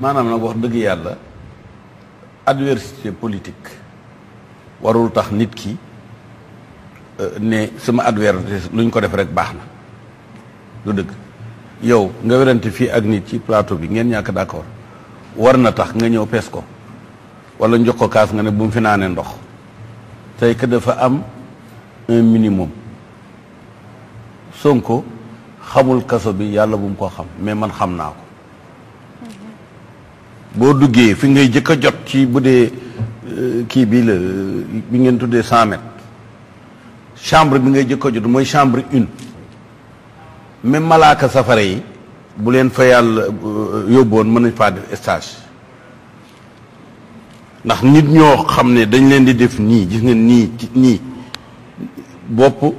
maanaam nag wax dëgg yàlla adversité politique warul tax nit ki euh, ne sama adversité lu ñu ko def rek baax na du dëgg yow nga werante fii ak nit ci plateau bi ngeen ñàkk d'accord war na tax nga ñëw pees ko wala njox ko kaas nga ne bu mu fi ne ndox tey que dafa am un minimum Sonko xamul kaso bi yàlla bu mu ko xam mais man xam naa ko boo duggee fi ngay jëkk a jot ci bu dee euh, kii bi la bi ngeen tuddee cent mètres chambre bi ngay jëkk a jot mooy chambre une même malaaka safara yi bu leen fa yàlla euh, yóbboon mën nañ faa def stage ndax nit ñoo xam ne dañ leen di def nii gis nga nii ci nii bopp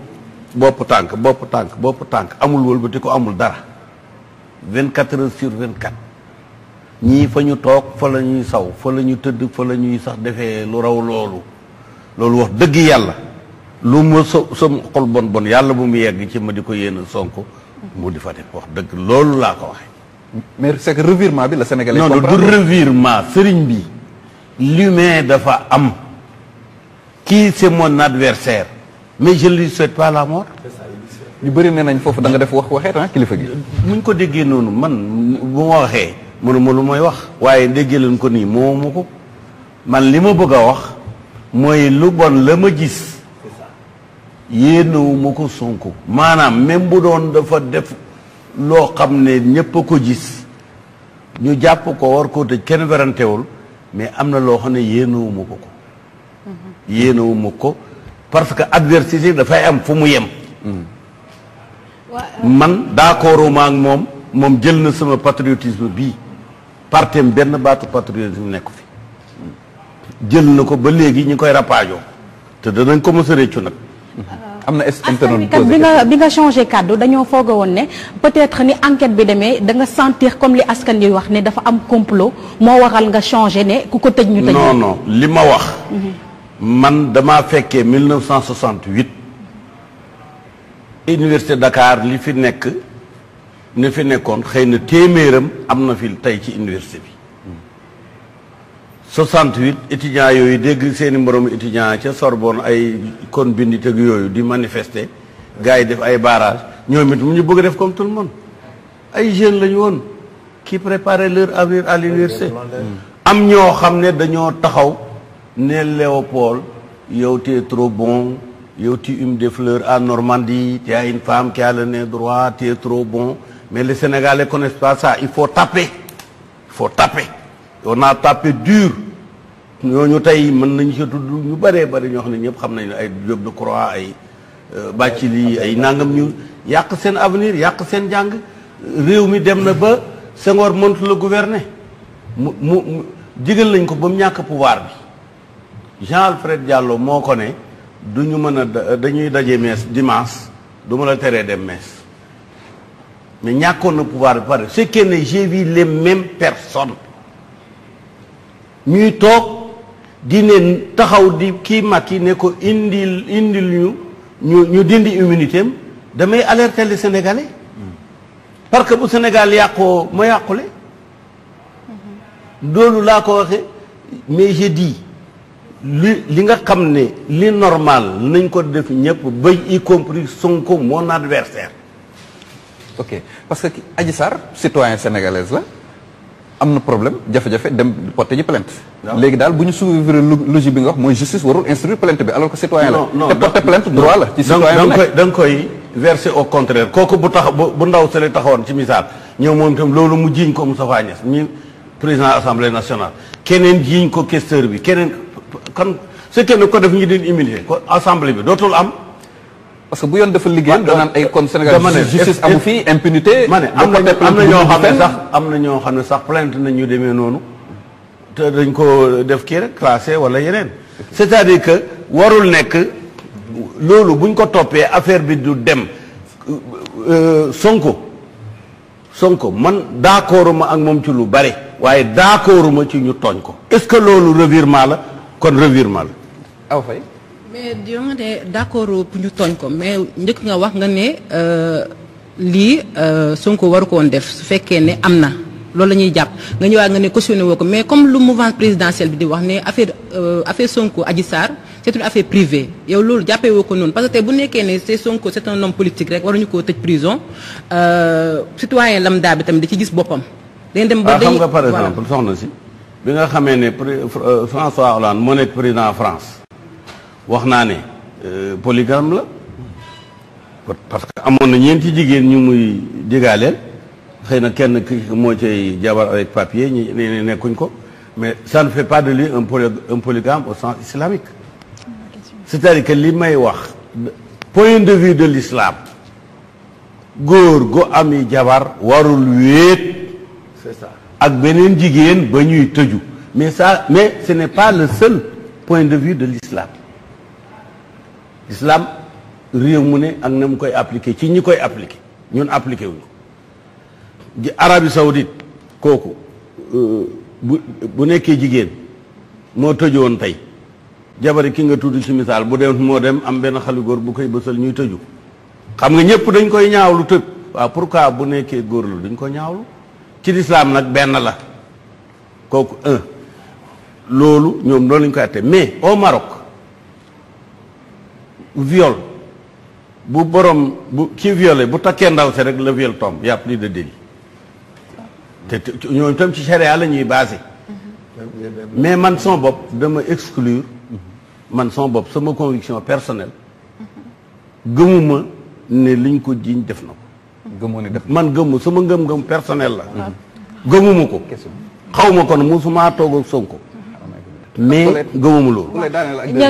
bopp tànk bopp tànk bopp tànk amul wëlbati ko amul dara vingt quatre vingt quatre ñii fa ñu toog fa la ñuy saw fa la ñu tëdd fa la ñuy sax defee lu raw loolu loolu wax dëgg yàlla lu ma sa sam xol bon bon yàlla bu mu yegg ci ma di ko yéen sonk mu di fa def wax dëgg loolu laa ko waxee mais c'est que bi la Sénégalais non du revirement sëriñ bi mais dafa am kii c'est mon adversaire mais je ne lui souhaite pas la mort ñu bëri nee nañ foofu da nga def wax waxee ah kilifa gi muñ ko déggee noonu man bu ma waxee mënuma lu may wax waaye déggee leen ko nii moomu ko man li ma bëgg a wax mooy lu bon la ma gis yéenewu ko Sonko maanaam même bu doon dafa def loo xam ne ñépp ko gis ñu jàpp ko war koo tëj kenn werantewul mais am na loo xam ne yéenewu ko ko yéenewu ko parce que adversité dafay am fu mu yem man d'accorduma ak moom moom jël na sama patriotisme bii partem benn baatu patriotisme nekku fi jël na ko ba léegi ñu koy rapaajoo te danañ ko mos a réccu nag am na internet kat bi nga bi nga changé kàddu dañoo foog woon ne peut-être ni enquête bi demee danga sentir comme li askan yi wax ne dafa am complot moo waxal nga changé ne ku ko tëj ñu tëj non non li ma wax mhm. man dama fekkee 1968 université dakaar li fi nekk ne fi nekkoon xëy na téeméeram am na fi tey ci université bi 68 étudiants yooyu dégg seeni moromu étudiants ca Sorbonne ay kon bindi teg yooyu di manifester gars yi def ay barrage ñoom it mu ñu bëgg def comme tout le ay jeunes la ñu woon qui préparaient leur à l'université am ñoo xam ne dañoo taxaw ne Léopold yow t'es trop bon yow tu humes des fleurs à Normandie tu as une femme qui a le nez droit t'es trop bon Mais les Sénégalais ne connaissent ça. Il faut taper. Il faut taper. On a tapé dur. ñooñu tey mën nañ si tudd ñu baree bëri ñoo xam ne ñëpp xam nañ ay Diop de Croix ay euh, Bathily ay nangam ñu yàq seen avenir yàq seen jàng réew mi dem na ba Senghor mëntu la gouverner mu mu jigal nañ ko ba mu ñàkk pouvoir bi Jean Alfred Diallo moo ko ne du ñu mën a dañuy daje mees dimanche du ma la teree dem mees mais ñàkkoon na pouvoir bi pare ce qui est ne j'ai vu les ñuy toog di taxaw di ki kii yi ne ko indil indil ñu ñu ñu dindi immunité am damay alerter les Sénégalais que bu Sénégal yàqoo ma yàqule loolu laa ko waxee mais j'ai dit li nga xam ne li normal nañ ko def ñëpp ba y compris Sonko mon adversaire ok parce que aji Sarr citoyen sénégalaise la am na problème jafe-jafe dem porté ji plainte léegi daal bu ñu suivre logique bi nga wax mooy justice warul instruire plainte bi alors que citoyen la te porté plainte droit la ci citoyen bi da nga koy verser au contraire kooku bu tax bu ndaw sale taxawoon ci misaal ñëw moom tam loolu mu jiiñ ko Moustapha Niasse mi président assemblée nationale keneen jiiñ ko questeur bi keneen kan su kenn ko def ñu di humilier bi dootul am parce que bu yoon dafa liggéeyam ay kon Sénégal justice amu fi impunité. ma ne am na ñoo xam ne sax am na ñoo xam ne sax plainte nañ ñu demee noonu te dañ ko def kii rek classé wala yeneen. c'est-à-dire que warul nekk loolu buñ ko toppee affaire bi du dem euh, Sonko Sonko man d'accorduma ak moom ci lu bari. waaye d'accorduma ci ñu tooñ ko. est-ce que loolu revirement la kon revirement la. mais yow nga ne d'accord pour ñu tooñ ko mais njëkk nga wax nga ne euh, lii euh, Sonko waru ko woon def su fekkee ne am na loolu la ñuy jàpp nga ñëwaat nga ne cautionné woo ko mais comme lu mouvance présidentielle bi di wax ne affaire euh, affaire Sonko Adji Sarr c'est une affaire yow loolu jàppee woo ko noonu parce que tey bu nekkee ne c'est Sonko c'est un homme politique rek waruñu koo tëj prison citoyen lambda bi tamit di ci gis boppam. dañ dem ba day ah, xam nga par moo nekk président wax naa ne euh, polygame la parce que amoon na ñeenti jigéen ñu muy digaaleel xëy na kenn ki moo cay jabar avec papier ñi nekkuñ ko mais ça ne fait pas de lui un polygame au sens islamique. cest à que li may wax. point de vue de l'islam góor gu ami jabar warul wéet. c'est ça ak beneen jigéen ba ñuy tëju mais ça mais ce n'est pas le seul point de vue de l'islam l'islam réew mu ne ak na mu koy appliqué ci ñi koy appliqué ñun appliqué wuñ ko ji Arabie Saoudite kooku euh, bu bu nekkee jigéen moo woon tey jabari ki nga tudd ci misaal bu dem moo dem am benn xale góor bu koy bësal ñuy tëju xam nga ñëpp dañ koy ñaawlu tëb waaw pourquoi bu nekkee góor la duñ ko ñaawlu ci lislaam nag benn la kooku loolu ñoom loolu lañ koy atte mais au Maroc viol bu borom bu kii violé bu takkee ndaw si rek le viol tombe y a plus de délit te ñoom itam ci charia la ñuy basé mais man son bopp dama exclure man son bopp sama conviction personnelle gëmuma ne liñ ko jiiñ def na ko gëmoo def man gëmu sama ngëm-ngëm personnel la mm-hmm. gëmuma ko xaw ma kon musumaa toog ak Sonko mais gëmuma loolu.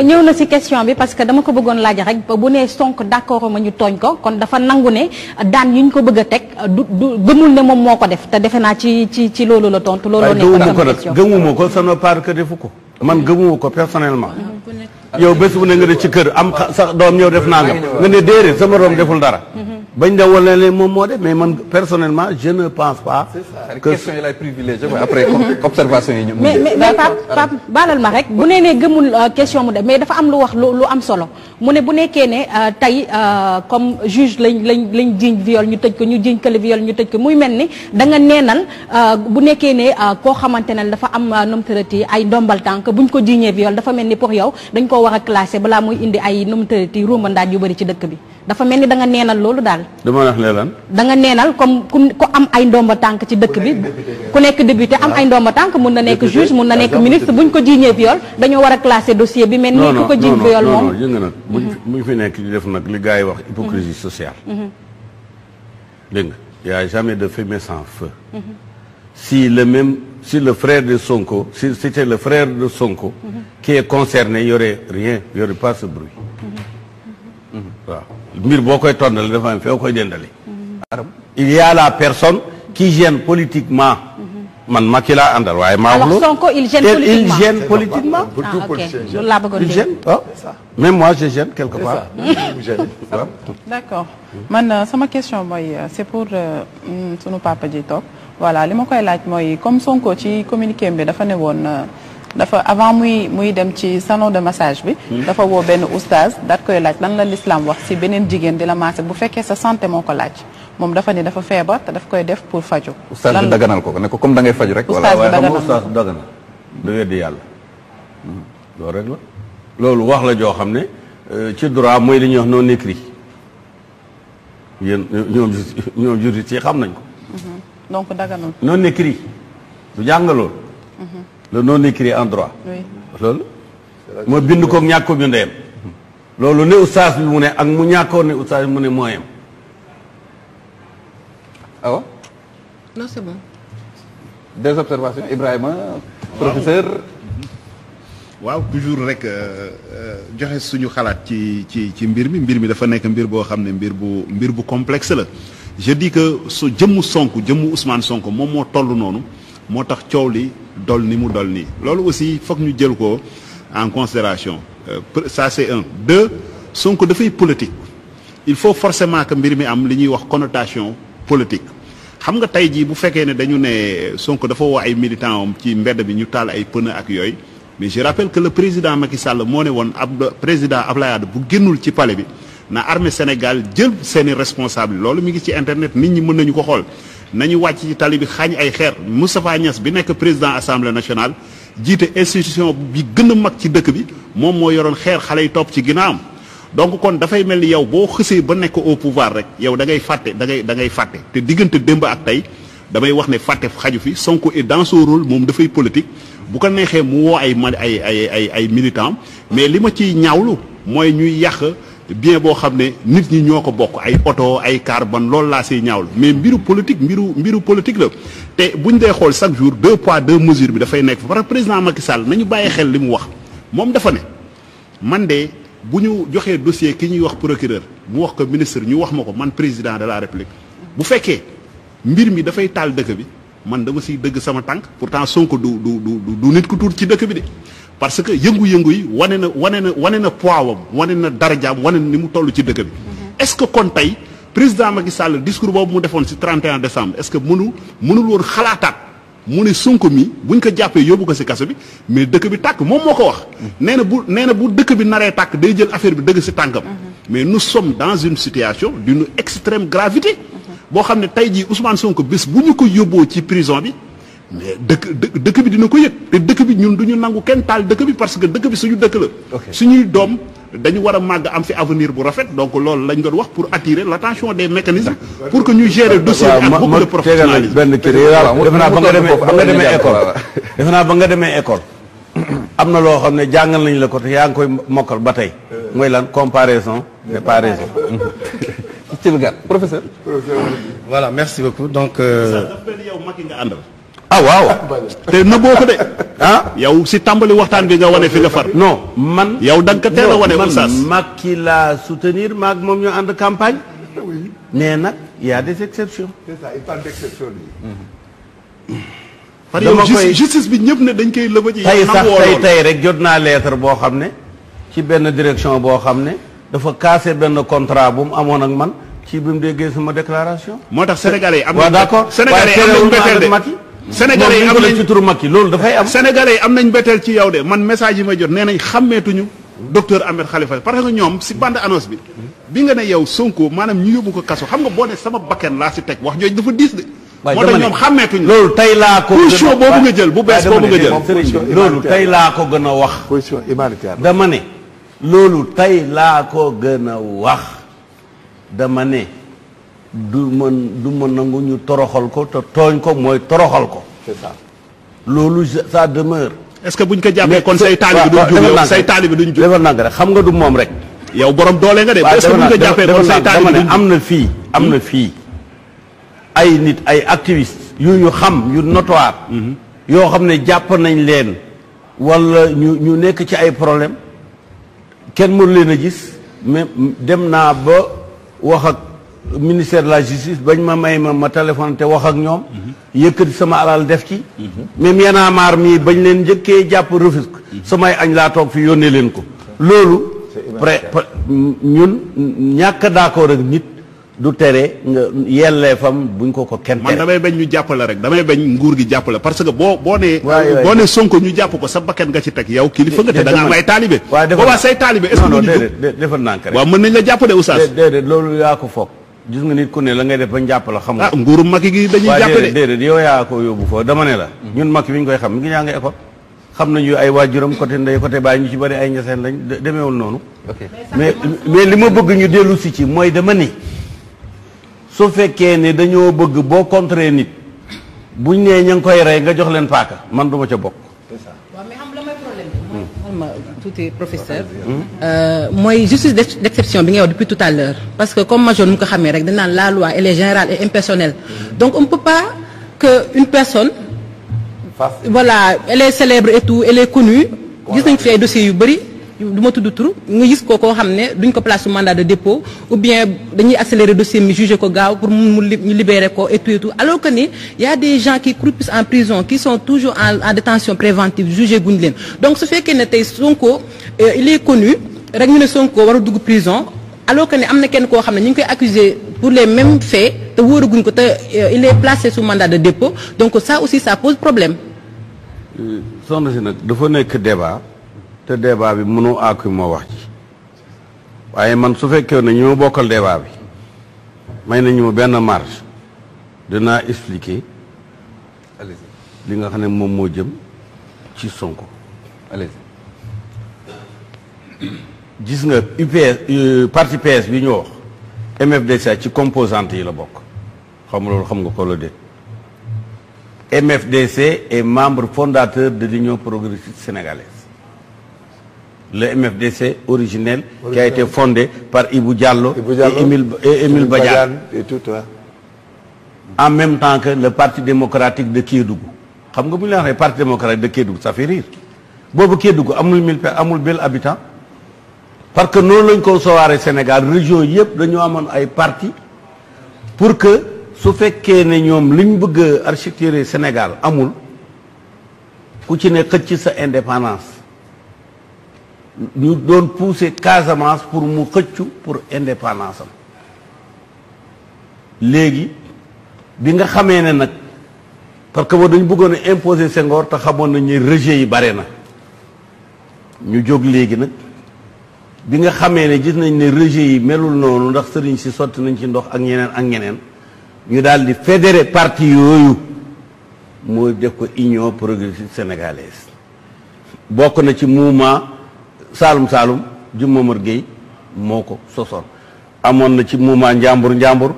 ñëw na si question bi parce que dama ko bëggoon laaj rek bu nee Sonko d'accord ma ñu tooñ ko kon dafa nangu ne daan yu ñu ko bëgg a teg du du gëmul ne moom moo ko def te defe naa ci ci ci loolu la tontu. loolu nekk ko nag gëmuma ko ça ne pas que defu ko. man gëmuma ko personnellement. Mm-hmm. yow bés bu ne nga ne ci kër am sax doom ñëw def naa nga. nga ne déedéet sama doom deful dara. Mm-hmm. bañ da wala leen moom moo def mais man personnellement je ne pense pas. que question yi lay privilégié après observation yi mais mais Pape Pape baalal ma rek bu nee nee gëmul euh, question mu def mais dafa am lu wax lu am solo mu ne bu nekkee ne euh, tey euh, comme juge lañ lañ lañ jiiñ viol ñu tëj ko ñu jiiñ kële viol ñu tëj ko muy mel ni da nga neenal bu nekkee ne koo xamante ne dafa am nomtërati ay ndombal tànk buñ ko jiiñee viol dafa mel ni pour yow dañ koo wax a classé balaa muy indi ay nomtërati ruumbandaat yu bëri ci dëkk bi. dafa mel ni da nga neenal loolu daal. dama wax ne lan. da nga neenal comme ku am ay ndomba tànk ci dëkk bi. ku nekk député am ay ndomba tànk mun na nekk juge mun na nekk ministre buñ ko jiiñee viol dañoo war a classé dossier bi mel ni ku ko jiiñ viol moom non non nag. buñ fi nekk di def nag li gars yi wax hypocrisie mm-hmm. sociale. Mm-hmm. dégg nga a jamais de fumée sans feu. Mm-hmm. si le même si le frère de Sonko si c'était le frère de Sonko. qui est concerné y rien y aurait mbir boo koy tondale dafa am foo koy dendale il y la personne qui gêne politiquement man Macky laa àndal waaye maa wax Sonko il gêne politiquement il gêne politiquement ah ok loolu laa bëggoon il gêne ah. même moi je gêne quelque part d'accord man euh, sama question mooy euh, c'est pour euh, mm, sunu papa ji toog voilà li ma koy laaj mooy comme Sonko ci communiqué bi dafa ne woon dafa avant muy muy dem ci salon de massage bi. Hmm. dafa woo benn oustaz daat koy laaj lan la lislaam wax si beneen jigéen di la maase bu fekkee sa santé moo ko laaj moom dafa ni dafa feebar te daf koy def pour faju oustaz bi daganal ko ne ko comme da ngay faju rek. oustaz bi daganal oustaz daganal du weddi yàlla. Hmm. loolu rek loolu wax la joo xam ne euh, ci droit mooy li ñuy wax non écrit yéen ñoom ñoom juriste xam nañ ko. Mhm. donc daganal non écrit lu jàngaloon. le non écrit en droit. loolu. moo bind koog bi mu ne ak mu ñàkkoon ne oustaz bi mu ne mooyam awa ah non c'est bon. Euh, euh, joxe suñu xalaat ci ci ci mbir mi mbir mi dafa nekk mbir boo xam ne mbir bu mbir bu complexe la je dis que su jëmmu Sonko jëmmu Ousmane Sonko moom moo toll noonu moo tax coow li. dool ni mu dol nii loolu aussi foog ñu jël ko en considération euh, ça c'est un deux Sonko dafay politique il faut forcement que mbir mi am li ñuy wax connotation politique xam nga tey jii bu fekkee ne dañu ne Sonko dafa wax ay militants am ci mbedd bi ñu taal ay pneu ak yooyu mais je rappelle que le président Macky Sall moo ne woon ab président Abdoulaye bu génnul ci pale bi na armée Sénégal jël seeni responsable loolu mi ngi ci internet nit ñi mën nañu ko xool nañu wàcc ci tali bi xaañ ay xeer Moustapha Niass bi nekk président assemblée nationale jiite institution bi gën a mag ci dëkk bi moom moo yoroon xeer xale yi topp ci ginnaawam donc kon dafay mel ni yow boo xësee ba nekk au pouvoir rek yow da ngay fàtte da ngay da ngay fàtte te diggante démb ak tey damay wax ne fàtte xaju fi Sonko est dans son moom dafay politique bu ko neexee mu woo ay ay ay ay ay militants mais li ma ciy ñaawlu mooy ñuy yàq. bien boo xam ne nit ñi ñoo ko bokk ay oto ay car ban loolu laa siy ñaawlu mais mbiru politique mbiru mbiru politique la te bu ñu dee xool chaque jour deux poids deux mesures bi dafay nekk fa parce que président Macky Sall nañu bàyyi xel li mu wax moom dafa ne man de bu ñu joxee dossier ki ñuy wax procureur mu wax ko ministre ñu wax ma ko man président de la république bu fekkee mbir mi dafay taal dëkk bi man dama siy dëgg sama tànk pour pourtant Sonko du du du du nit ku tuut ci dëkk bi parce que yëngu-yëngu yi wane na wane na wane na poids wam wane na darajaam wane na ni mu toll ci dëkk bi. Mm-hmm. est-ce que kon tey président Macky Sall discours boobu mu defoon ci 31 décembre est-ce que mënu mënul woon xalaataat mu ne sunk mi buñ ko jàppee yóbbu ko si kaso bi mais dëkk bi tàkk moom moo ko wax. Mm-hmm. nee na bu nee na bu dëkk bi naree tàkk day jël affaire bi dëgg si tànkam. Mm-hmm. mais nu sommes dans une situation d'une extrême gravité. boo xam ne tey jii Ousmane Sonko bés bu ñu ko yóbboo ci prison bi. mais dëkk dëkk bi dina ko yëg te dëkk bi ñun du ñu nangu kenn taal dëkk bi parce que dëkk bi suñu dëkk la. suñuy doom dañu war a màgg am fi avenir bu rafet donc loolu lañ doon wax pour attirer la attention des mécanismes. pour que ñu gérer dossier bi ak beaucoup de professionnalisme. benn kii defe naa ba nga demee ba nga demee école. ba nga demee école. am na loo xam ne jàngal nañu la yaa ngi koy mokkal ba tey. mooy lan comparaison. mais pas raison. ci Thiel voilà merci beaucoup donc. Euh, yow Macky nga àndal. ah waaw te nëbboo ko de ah yow si tàmbali waxtaan bi nga wane fi nga far. non man yow da ko teel a wane. oustaz man Macky la soutenir maak moom ñu ànd campagne. ne nag y a des exceptions. c'est ça justice bi ñëpp na dañ koy lëbëj. tey sax tey tey rek jot naa lettre boo xam ne ci benn direction boo xam ne dafa kaase benn contrat bu mu amoon ak man ci bi mu déggee sama déclaration. moo tax sénégalais am nañu. waaw d'accord sénégalais am nañu Sénégalais yi am nañ ci turu loolu dafay am. Sénégalais am nañ mbetteel ci yow de man message yi ma jot nee nañ xàmmeetuñu docteur Ahmed Khalifa parce que ñoom si bande annonce bi. bi nga ne yow Sonko maanaam ñu yóbbu ko kaso xam nga boo ne sama bakken laa si teg wax jooju dafa diis de. moo tax ñoom xàmmeetuñu. loolu tey laa ko position boobu nga jël bu bees boobu nga jël. loolu tey laa ko gën a wax. position humanitaire dama ne. loolu tey laa ko gën a wax dama ne. du ma du ma nangu ñu toroxal ko te tooñ ko mooy toroxal ko. c'est ça loolu ça demeure. est-ce que buñ ko jàppee kon say taalibe duñ jub yow say taalibe duñ jub xam nga du moom rek. yow borom doole nga de. est-ce que buñ ko jàppee kon say taalibe am na fii am na hmm? fii ay nit ay activistes yu ñu xam yu notoire. Hmm? yoo xam ne jàpp nañ leen. wala ñu ñu nekk ci ay problème kenn mën leen a gis mais dem naa ba wax ak. ministère de la justice bañ ma may ma ma téléphone te wax ak ñoom mhm. yëkkati sama alal def ci mhm. même yanaamaar mii bañ leen njëkkee jàpp Rufisque mhm. samay añ laa toog fi yónnee leen ko loolu pré ñun ñàkk d'accord ak nit du tere nga yelleefam buñ ko ko kenn man damay bañ ñu jàppale rek damay bañ nguur gi jàppale parce que boo boo nee boo Sonko ñu jàpp ko sa bakkan nga ci teg yow kilifa nga te da nga am boobaa say taalibe est-ce que duñu jóg mën nañ la jàppale oustaz déedéet loolu yaa ko foog gis nga nit ku ne la ngay def ba njàpp la xam nga. ah nguuru gi dañuy jàppale déedéet yow yaa ko yóbbu foofu dama ne la. Mhm. ñun Macky bi ñu koy xam mi ngi ñaa nga école. xam na nañu ay waajuram côté ndey côté baay ñu ci bari ay ñaseen lañ demeewul noonu. mais mais li ma bëgg ñu dellu si ci mooy dama ni. su fekkee ni dañoo bëgg boo contrer nit buñ nee ña ngi koy rey nga jox leen paaka man duma ca bokk. tuuti professeur. Euh, mooy justice d'exception bi ngay wax depuis tout à l'heure parce que comme major nu mu ko xamee rek danaan la loi elle est générale et impersonnelle. donc on peut pas que une personne. voilà elle est célèbre et tout elle est connue. gis fi ay dossiers yu bëri. du ma tudd tur nga gis ko koo xam ne duñ ko place su mandat de dépôt ou bien dañuy accélérer dossier mi jugé ko gaaw pour mu ñu libérer ko et tout et tout alors que ni y a des gens qui croupissent en prison qui sont toujours en en détention préventive jugé guñ leen donc su fekkee ne tey Sonko euh, il est connu rek ñu ne Sonko war a dugg prison alors que ne am na kenn koo xam ne ñu ngi koy accuser pour les mêmes faits te wóoraguñ ko te euh, il est placé sous mandat de dépôt donc ça aussi ça pose problème. Euh, soxna si nag dafa nekk débat. te débat bi mënu àkku moo wax ci waaye man su fekkee nañu ñu bokkal débat bi may nañu ma benn marge dinaa expliquer li nga xam ne moom moo jëm ci Sonko gis nga UPS euh, parti PS bi ñu wax MFDC ci composante yi la bokk xam nga loolu xam nga ko la déet MFDC et membre fondateur de l'Union progressiste sénégalaise le MFDC originel, originel, qui a été fondé par Ibou Diallo, Ibou Diallo et Émile, et tout, ouais. En même temps que le Parti démocratique de Kédougou. xam nga bu ñu la waxee Parti démocratique de Kédougou ça fait rire boobu Kédougou amul mille amul benn habitant parce que noonu lañ ko sowaaree Sénégal région yëpp dañoo amoon ay partie pour que su fekkee ne ñoom liñ bëgg a architecture Sénégal amul ku ci ne xëcc sa indépendance ñu doon pousser Casamance pour mu xëccu pour indépendance am léegi bi nga xamee ne nag parce que boo dañu bëggoon a imposer Senghor te xamoon nañ ne rejet yi bare na ñu jóg léegi nag bi nga xamee ne gis nañ ne rejet yi melul noonu ndax sëriñ si sotti nañ ci ndox ak ñeneen ak ñeneen ñu daal di fédéré parti yooyu mooy def ko Union progressiste sénégalaise bokk na ci mouvement Saalum Saalum ju Momar moo ko sosoon amoon na ci mouvement Njàmbur Njàmbur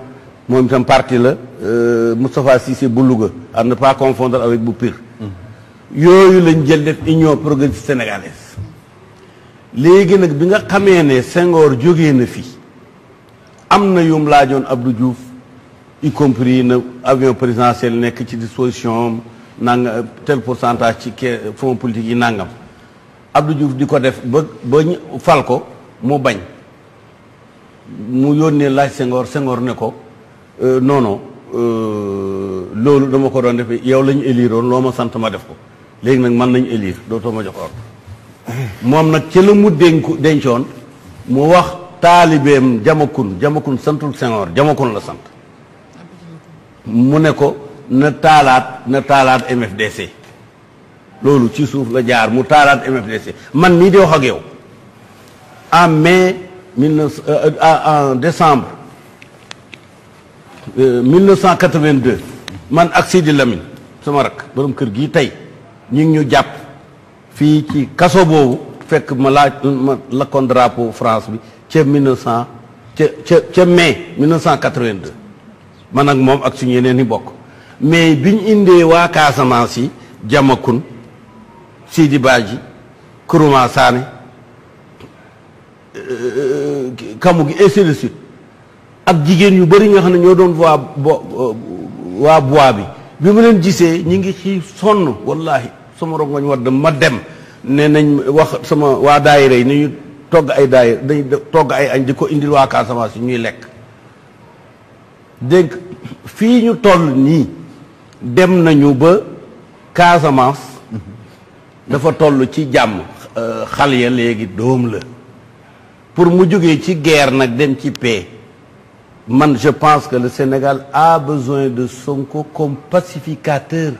moom itam parti la euh, Moustapha Cissé bu Louga à ne pas confondre avec bu Pire mm-hmm. yooyu lañ jël def union progressiste sénégalaise léegi nag bi nga xamee ne Senghor jógee na fi am na yum laajoon Abdou Diouf y compris na avion présidentiel nekk ci disposition am nanga tel pourcentage ci fonds politique yi nàngam Abdou Diouf di ko def ba ba ñu fal ko mu bañ mu yónnee laaj sengoor Senghor ne ko noonu euh, non euh, loolu dama ko doon defee yow lañu ñu éliroon loo ma sant ma def ko léegi nag man nañu élire dootoo ma jox ordre moom nag ci la mu dénku dencoon mu wax taalibeem jamakun jamakun santul sengoor jamakun la sant mu ne ko na taalaat na taalaat MFDC loolu ci suuf la jaar mu taalaat MFDC man mii di wax ak yow en mai mille euh, euh, en décembre 1982 euh, man ak Sidi Lamine sama rak borom kër gi tey ñu ngi ñu jàpp fii ci kaso boobu fekk ma laaj ma lakkoon drapeau France bi ca 1900 ca ca ca mai 1982 man ak moom ak suñu yeneen i bokk mais biñ indee waa Casamance yi jamakun Sidi Badji Kourouma Sané euh, kamu gi ainsi de suite ak jigéen yu bari nga xam ne ñoo doon waa bo euh, waa bois bi bi ma leen gisee ñi ngi ci sonn wallahi sama rongoñ wadd ma dem ne nañ wax sama waa daayira yi ni ñu togg ay daayira dañ togg ay añ di ko indil waa Casamance yi ñuy lekk dégg fii ñu toll nii dem nañu ba Casamance dafa toll ci jàmm euh, xal ya léegi doom la pour mu jógee ci guerre nag dem ci paix man je pense que le Sénégal a besoin de Sonko comme pacificateur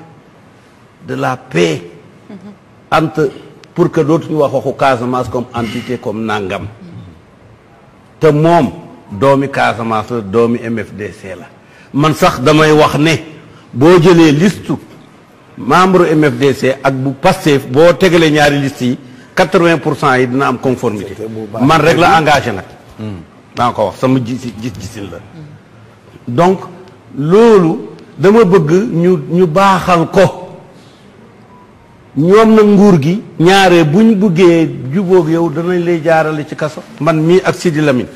de la paix entre mm-hmm. pour que dootuñu wax waxu Casamance comme entité comme nangam te moom doomi Casamance la doomi MFDC la man sax damay wax ne boo jëlee listu membre MFDC ak bu Pastef boo tegalee ñaari liste yi quatre-vingt pour cent yi dina am conformité man rek la engagé nag daa hmm. ko wax sama gis gis-gisin la hmm. donc loolu dama bëgg ñu ñu baaxal ko ñoom nag nguur gi ñaare buñ buggee jubóog yow danañ lay jaarale ci kaso man mii ak Sidi Lamine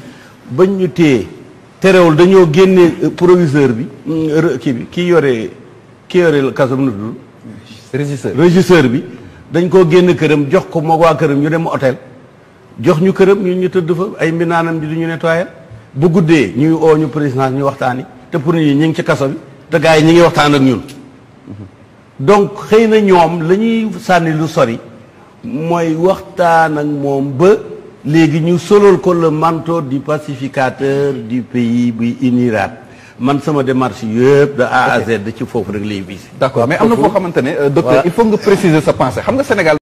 bañ ñu téye terewul dañoo génne euh, proviseur bi hmm, kii bi kii yore kii yore kaso bi nu régisseur régisseur bi dañ koo génn këram jox ko moog waa këram ñu dem hôtel jox ñu këram ñun ñu tëdd fa ay mbinaanam ji du ñu nettoyé bu guddee ñuy oo ñu président ñu waxtaani te pour ñi ñu ngi ci kaso bi te yi ñu ngi waxtaan ak ñun donc xëy na ñoom la ñuy sànni lu sori mooy waxtaan ak moom ba léegi ñu solal ko le manteau du pacificateur du pays buy uniraat man sama démarche yëpp de A à Z ci foofu rek lay visé. d'accord mais am na foo xamante ne. Euh, docteur il faut nga préciser sa pensée xam nga Sénégal.